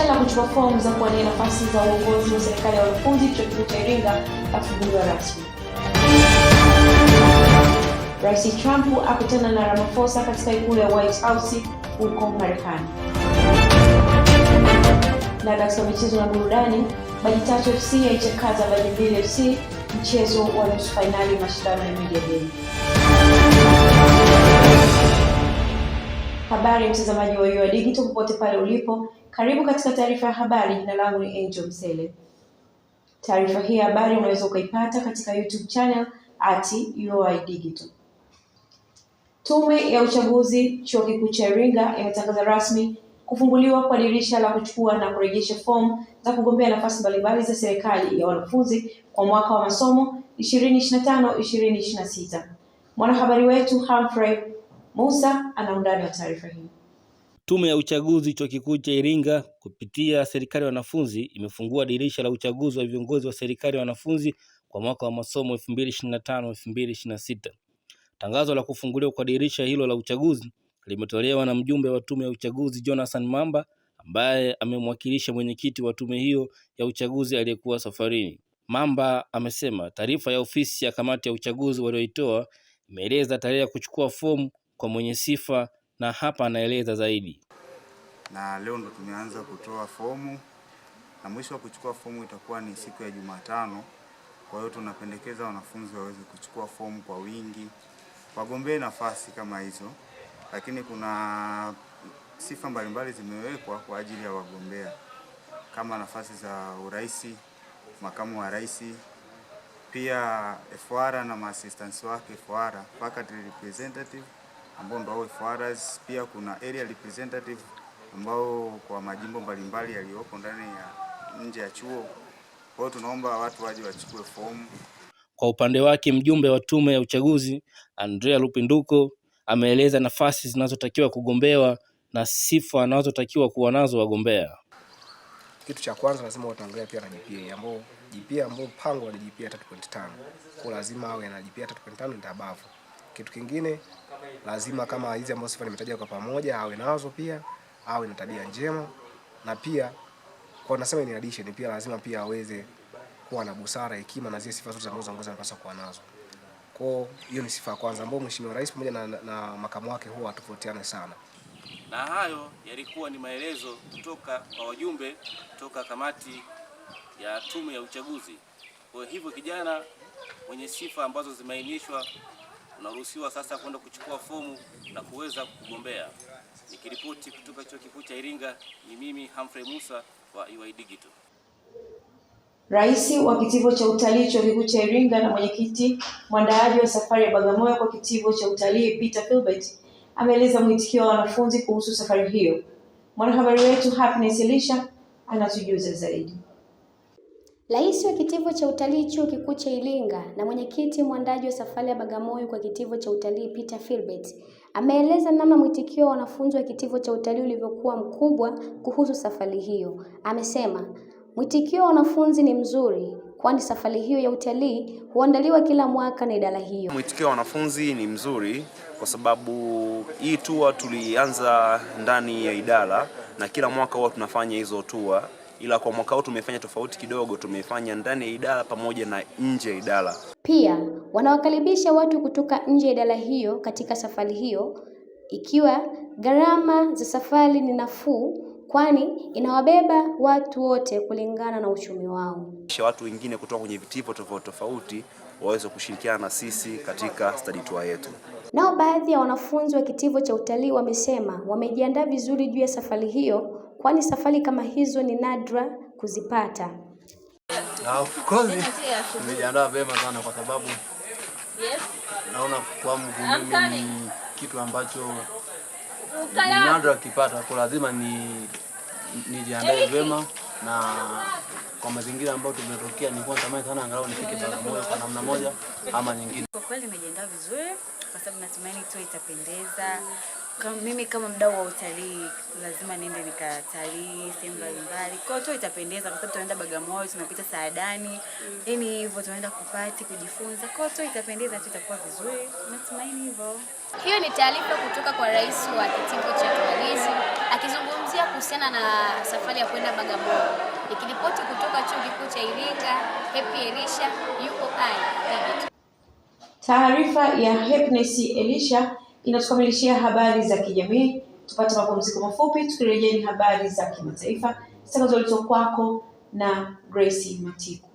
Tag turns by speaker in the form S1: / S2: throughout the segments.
S1: Inshallah kuchukua fomu za kuwania nafasi za uongozi wa serikali ya wanafunzi chuo kikuu cha Iringa atafunguliwa rasmi. Rais Trump akutana na Ramaphosa katika ikulu ya White House huko Marekani. Na katika michezo na burudani, Maji Tatu FC yaichakaza Maji Mbili FC mchezo wa nusu fainali mashindano ya media day. Habari ya mtazamaji wa UoI Digital popote pale ulipo. Karibu katika taarifa ya habari. Jina langu ni Angel Msele. Taarifa hii ya habari unaweza ukaipata katika YouTube channel at UoI Digital. Tume ya Uchaguzi Chuo Kikuu cha Iringa imetangaza rasmi kufunguliwa kwa dirisha la kuchukua na kurejesha fomu za kugombea nafasi mbalimbali za serikali ya wanafunzi kwa mwaka wa masomo 2025-2026. Mwanahabari wetu Humphrey Musa ana undani wa taarifa hii.
S2: Tume ya Uchaguzi Chuo Kikuu cha Iringa kupitia serikali ya wanafunzi imefungua dirisha la uchaguzi wa viongozi wa serikali ya wanafunzi kwa mwaka wa masomo 2025/2026. Tangazo la kufunguliwa kwa dirisha hilo la uchaguzi limetolewa na mjumbe wa tume ya uchaguzi Jonathan Mamba ambaye amemwakilisha mwenyekiti wa tume hiyo ya uchaguzi aliyekuwa safarini. Mamba amesema taarifa ya ofisi ya kamati ya uchaguzi walioitoa imeeleza tarehe ya kuchukua fomu kwa mwenye sifa na hapa anaeleza zaidi.
S3: Na leo ndo tumeanza kutoa fomu na mwisho wa kuchukua fomu itakuwa ni siku ya Jumatano. Kwa hiyo tunapendekeza wanafunzi waweze kuchukua fomu kwa wingi, wagombee nafasi kama hizo, lakini kuna sifa mbalimbali zimewekwa kwa ajili ya wagombea kama nafasi za urais, makamu wa rais, pia FWARA na maassistants wake FWARA faculty representative ambao ndio FRs. Pia kuna area representative ambao kwa majimbo mbalimbali yaliyopo ndani ya nje ya chuo. Kwa hiyo tunaomba watu waje wachukue fomu.
S2: Kwa upande wake, mjumbe wa tume ya uchaguzi Andrea Lupinduko ameeleza nafasi zinazotakiwa kugombewa na sifa anazotakiwa kuwa nazo wagombea.
S3: Kitu cha kwanza lazima watangalia pia na GPA ambao GPA ambao pango ni GPA 3.5. Kwa lazima awe na GPA 3.5 ndio above. Kitu kingine lazima kama hizi ambazo sifa nimetaja kwa pamoja awe nazo pia, awe na tabia njema na pia kwa nasema ni addition pia lazima pia aweze kuwa na busara, hekima na zile sifa zote ambazo zinaongoza anapaswa kuwa nazo. Kwa hiyo ni sifa kwanza ambayo Mheshimiwa Rais pamoja na, na makamu wake huwa tofautiane sana.
S4: Na hayo yalikuwa ni maelezo kutoka kwa wajumbe kutoka kamati ya tume ya uchaguzi. Kwa hivyo kijana mwenye sifa ambazo zimeainishwa unaruhusiwa sasa kwenda kuchukua fomu na kuweza kugombea. Nikiripoti kutoka chuo kikuu cha Iringa, ni mimi Humphrey Musa wa UoI e Digital.
S1: Rais wa kitivo cha utalii chuo kikuu cha Iringa na mwenyekiti mwandaaji wa safari ya Bagamoyo kwa kitivo cha utalii Peter Philbert ameeleza mwitikio wa wanafunzi kuhusu safari hiyo. Mwanahabari wetu Happiness Elisha anatujuza zaidi. Rais wa kitivo cha utalii chuo kikuu cha Iringa na mwenyekiti mwandaji wa safari ya Bagamoyo kwa kitivo cha utalii Peter Philbert ameeleza namna mwitikio wa wanafunzi wa kitivo cha utalii ulivyokuwa mkubwa kuhusu safari hiyo. Amesema mwitikio wa wanafunzi ni mzuri, kwani safari hiyo ya utalii huandaliwa kila mwaka na idara hiyo.
S5: Mwitikio wa wanafunzi ni mzuri kwa sababu hii tua tulianza ndani ya idara na kila mwaka huwa tunafanya hizo tua ila kwa mwaka huu tumefanya tofauti kidogo, tumefanya ndani ya idara pamoja na nje ya idara.
S1: Pia wanawakaribisha watu kutoka nje ya idara hiyo katika safari hiyo, ikiwa gharama za safari ni nafuu, kwani inawabeba watu wote kulingana na uchumi wao.
S2: Watu wengine kutoka kwenye vitivo tofauti tofauti waweze kushirikiana na sisi katika study tour yetu.
S1: Nao baadhi ya wanafunzi wa kitivo cha utalii wamesema wamejiandaa vizuri juu ya safari hiyo kwani safari kama hizo ni nadra kuzipata.
S3: Ah, nimejiandaa sana kwa sababu naona kwa ni kitu ambacho ni nadra kipata, kwa lazima ni nijiandae vema na kwa mazingira ambayo tumetokea, nilikuwa natamani sana angalau nifike Bagamoyo kwa namna moja ama nyingine.
S6: Kwa kweli nimejiandaa vizuri, kwa sababu natumaini tu itapendeza kama, mimi kama mdau wa utalii lazima niende nikatalii sehemu mbalimbali. Kwa hiyo itapendeza kwa sababu tunaenda Bagamoyo, tunapita Saadani, yani mm. hivyo tunaenda kupati kujifunza. Kwa hiyo itapendeza tu, itakuwa vizuri, natumaini
S7: hivyo. Hiyo ni taarifa kutoka kwa rais wa kitengo cha utalii akizungumzia kuhusiana na safari ya kwenda Bagamoyo. Nikiripoti kutoka chuo kikuu cha Iringa, Happy Elisha, yuko ai.
S1: Taarifa ya Happiness Elisha inatukamilishia habari za kijamii. Tupate mapumziko mafupi, tukirejea ni habari za kimataifa zitakazoletwa kwako na Grace Matiku.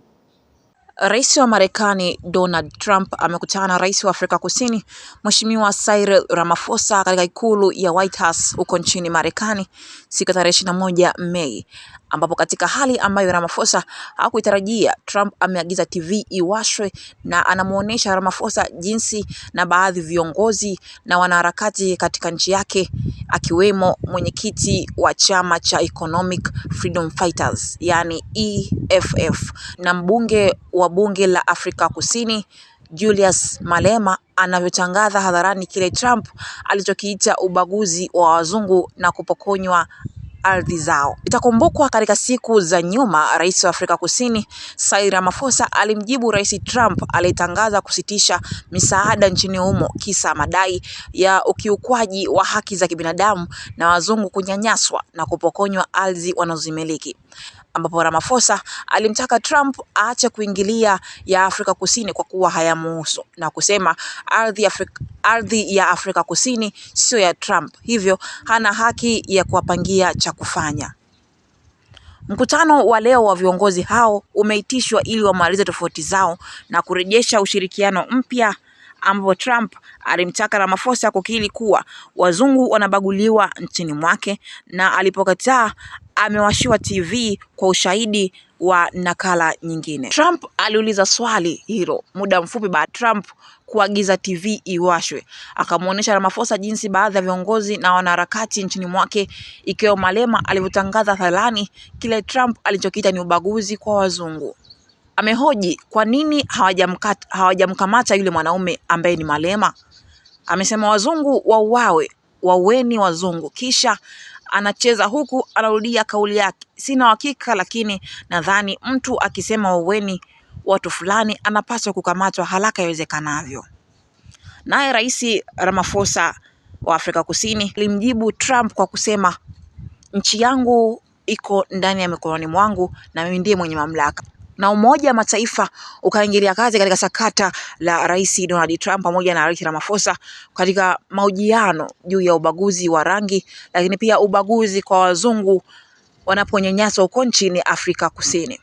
S8: Rais wa Marekani Donald Trump amekutana na rais wa Afrika Kusini Mheshimiwa Cyril Ramaphosa katika ikulu ya White House huko nchini Marekani siku ya tarehe 21 Mei, ambapo katika hali ambayo Ramaphosa hakuitarajia, Trump ameagiza TV iwashwe na anamuonesha Ramaphosa jinsi na baadhi viongozi na wanaharakati katika nchi yake akiwemo mwenyekiti wa chama cha Economic Freedom Fighters yani EFF na mbunge wa bunge la Afrika Kusini Julius Malema anavyotangaza hadharani kile Trump alichokiita ubaguzi wa wazungu na kupokonywa ardhi zao. Itakumbukwa katika siku za nyuma, rais wa Afrika Kusini Cyril Ramaphosa alimjibu rais Trump aliyetangaza kusitisha misaada nchini humo kisa madai ya ukiukwaji wa haki za kibinadamu na wazungu kunyanyaswa na kupokonywa ardhi wanazozimiliki ambapo Ramaphosa alimtaka Trump aache kuingilia ya Afrika Kusini kwa kuwa hayamuhusu na kusema ardhi Afrika, ardhi ya Afrika Kusini sio ya Trump, hivyo hana haki ya kuwapangia cha kufanya. Mkutano wa leo wa viongozi hao umeitishwa ili wamalize tofauti zao na kurejesha ushirikiano mpya ambapo Trump alimtaka Ramaphosa kukiri kuwa wazungu wanabaguliwa nchini mwake na alipokataa amewashiwa TV kwa ushahidi wa nakala nyingine. Trump aliuliza swali hilo muda mfupi baada Trump kuagiza TV iwashwe. Akamwonyesha Ramaphosa jinsi baadhi ya viongozi na wanaharakati nchini mwake ikiwemo Malema alivyotangaza hadharani kile Trump alichokiita ni ubaguzi kwa wazungu amehoji kwa nini hawajamkamata yule mwanaume ambaye ni Malema. Amesema wazungu wauawe, waueni wazungu. Kisha anacheza huku anarudia kauli yake, sina uhakika, lakini nadhani mtu akisema waueni watu fulani anapaswa kukamatwa haraka iwezekanavyo. Naye Rais Ramaphosa wa Afrika Kusini alimjibu Trump kwa kusema nchi yangu iko ndani ya mikononi mwangu na mimi ndiye mwenye mamlaka na Umoja wa Mataifa ukaingilia kazi katika sakata la Rais Donald Trump pamoja na Rais Ramaphosa katika mahojiano juu ya ubaguzi wa rangi, lakini pia ubaguzi kwa wazungu wanaponyanyaswa huko nchini Afrika Kusini.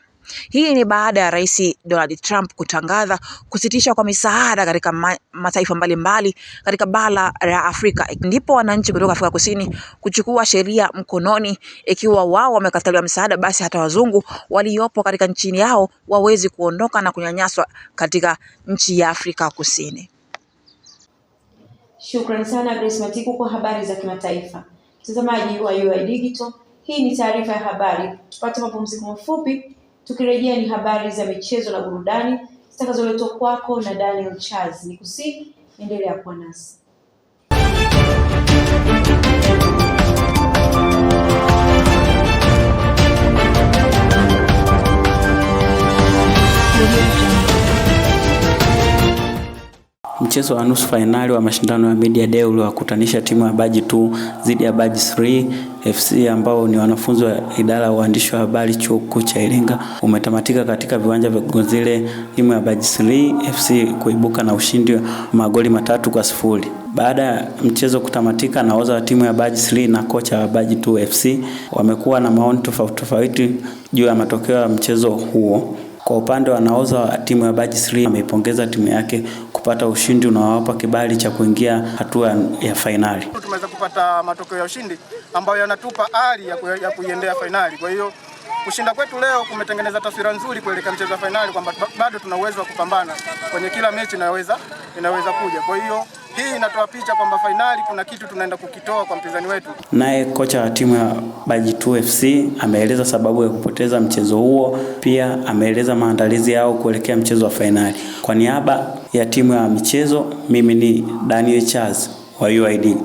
S8: Hii ni baada ya Rais Donald Trump kutangaza kusitisha kwa misaada katika mataifa mbalimbali katika bara la Afrika, ndipo wananchi kutoka Afrika Kusini kuchukua sheria mkononi. Ikiwa wao wamekataliwa msaada, basi hata wazungu waliopo katika nchi yao wawezi kuondoka na kunyanyaswa katika nchi ya Afrika Kusini.
S1: Shukrani sana Grace Matiku kwa habari za kimataifa. Mtazamaji wa UoI Digital, hii ni taarifa ya habari. Tupate mapumziko mafupi Tukirejea ni habari za michezo na burudani zitakazoletwa kwako na Daniel Charles. Nikusihi endelea kuwa nasi.
S9: Mchezo wa nusu fainali wa mashindano ya Media Day uliwakutanisha timu ya Baji 2 dhidi ya Baji 3 FC ambao ni wanafunzi wa idara ya uandishi wa habari chuo kikuu cha Iringa umetamatika katika viwanja vya Gonzile, timu ya Baji 3 FC kuibuka na ushindi wa magoli matatu kwa sifuri. Baada ya mchezo kutamatika, nahodha wa timu ya Baji 3 na kocha wa Baji 2 FC wamekuwa na maoni tofauti tofauti juu ya matokeo ya mchezo huo. Kwa upande wa nahodha timu ya Baji 3 ameipongeza timu yake kupata ushindi unaowapa kibali cha kuingia hatua ya fainali.
S10: Tumeweza kupata matokeo ya ushindi ambayo yanatupa ari ya kuiendea fainali. Kwa hiyo kushinda kwetu leo kumetengeneza taswira nzuri kuelekea mchezo wa fainali kwamba bado tuna uwezo wa kupambana kwenye kila mechi inayoweza kuja. Kwa hiyo hii inatoa picha kwamba fainali kuna kitu tunaenda kukitoa kwa mpinzani wetu.
S9: Naye kocha wa timu ya 2 FC ameeleza sababu ya kupoteza mchezo huo, pia ameeleza maandalizi yao kuelekea mchezo wa fainali. Kwa niaba ya timu ya michezo, mimi ni Daniel Charles wa UoI.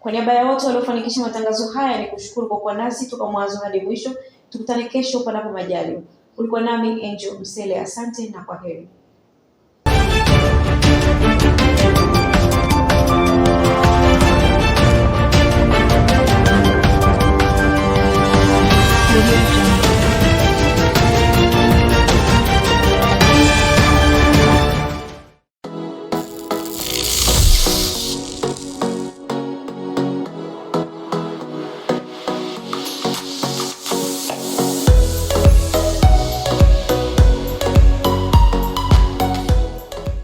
S1: Kwa niaba ya wote waliofanikisha matangazo haya, ni kushukuru kwa kuwa nasi toka mwanzo hadi mwisho. Tukutane kesho panapo majaliwa. Ulikuwa nami Angel Msele, asante na kwaheri.